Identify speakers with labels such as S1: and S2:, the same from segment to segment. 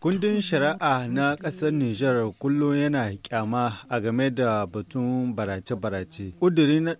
S1: Kundin shari'a na ƙasar Nijar kullum yana kyama a game da batun barace-barace. Ƙuduri na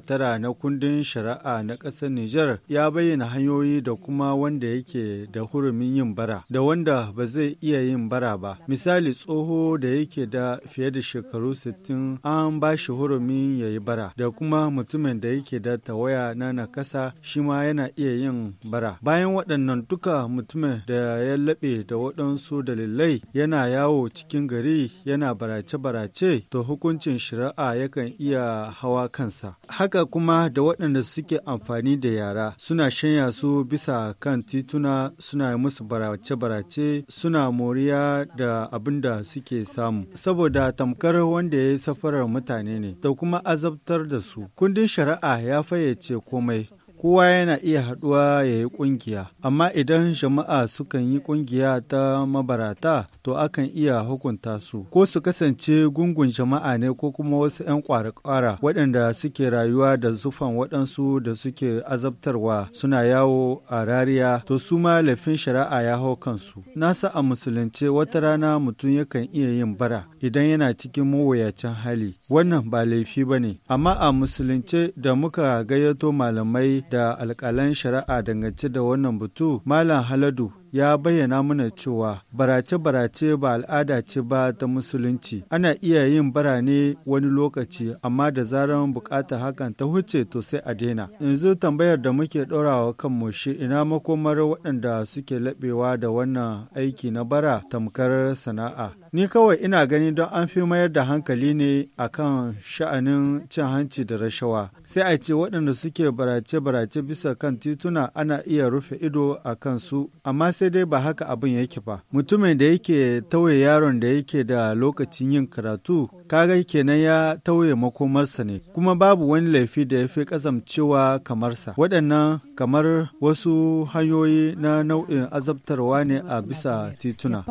S1: tara na kundin shari'a na ƙasar Nijar ya bayyana hanyoyi da kuma wanda yake da hurumin yin bara, da wanda ba zai iya yin bara ba. Misali tsoho da yake da fiye da shekaru sittin an ba shi hurumin ya yi bara, da kuma mutumin da yake da tawaya na nakasa shi ma yana iya yin bara. Bayan waɗannan duk duka mutumin da ya laɓe da waɗansu dalilai yana yawo cikin gari yana barace-barace to hukuncin shari'a yakan iya hawa kansa. Haka kuma da waɗanda suke amfani da yara suna shanya su bisa kan tituna suna musu barace-barace suna moriya da abin da suke samu. Saboda tamkar wanda ya yi safarar mutane ne da kuma azabtar da su. Kundin shari'a ya fayyace komai. kowa yana iya haɗuwa ya yi ƙungiya amma idan jama'a sukan yi ƙungiya ta mabarata to akan iya hukunta su ko su kasance gungun jama'a ne ko kuma wasu 'yan kwara-kwara waɗanda suke rayuwa da zufan waɗansu da suke azabtarwa suna yawo a rariya to su ma laifin shari'a ya hau kansu Na sa a musulunce wata rana mutum yakan iya yin bara idan yana cikin mawuyacin hali wannan ba laifi ba ne amma a musulunce da muka gayyato malamai da alƙalan shari'a dangance da wannan batu Malam Haladu ya bayyana mana cewa barace-barace ba al'ada ce ba ta musulunci. Ana iya yin barane wani lokaci amma da zarar bukata hakan ta huce to sai a daina. Yanzu tambayar da muke ɗorawa kanmu shi ina makomar waɗanda suke laɓewa da wannan aiki na bara tamkar sana'a. Ni kawai ina gani don an fi mayar da hankali ne akan sha'anin cin hanci da rashawa. Sai a ce waɗanda suke barace-barace bisa kan tituna ana iya rufe ido a kansu, amma sai dai ba haka abin yake ba. Mutumin da yake tauye yaron da yake da lokacin yin karatu, kaga kenan ya tauye makomarsa ne, kuma babu wani laifi da ya fi kasancewa kamarsa. Waɗannan kamar wasu hanyoyi na nau'in azabtarwa ne a bisa tituna.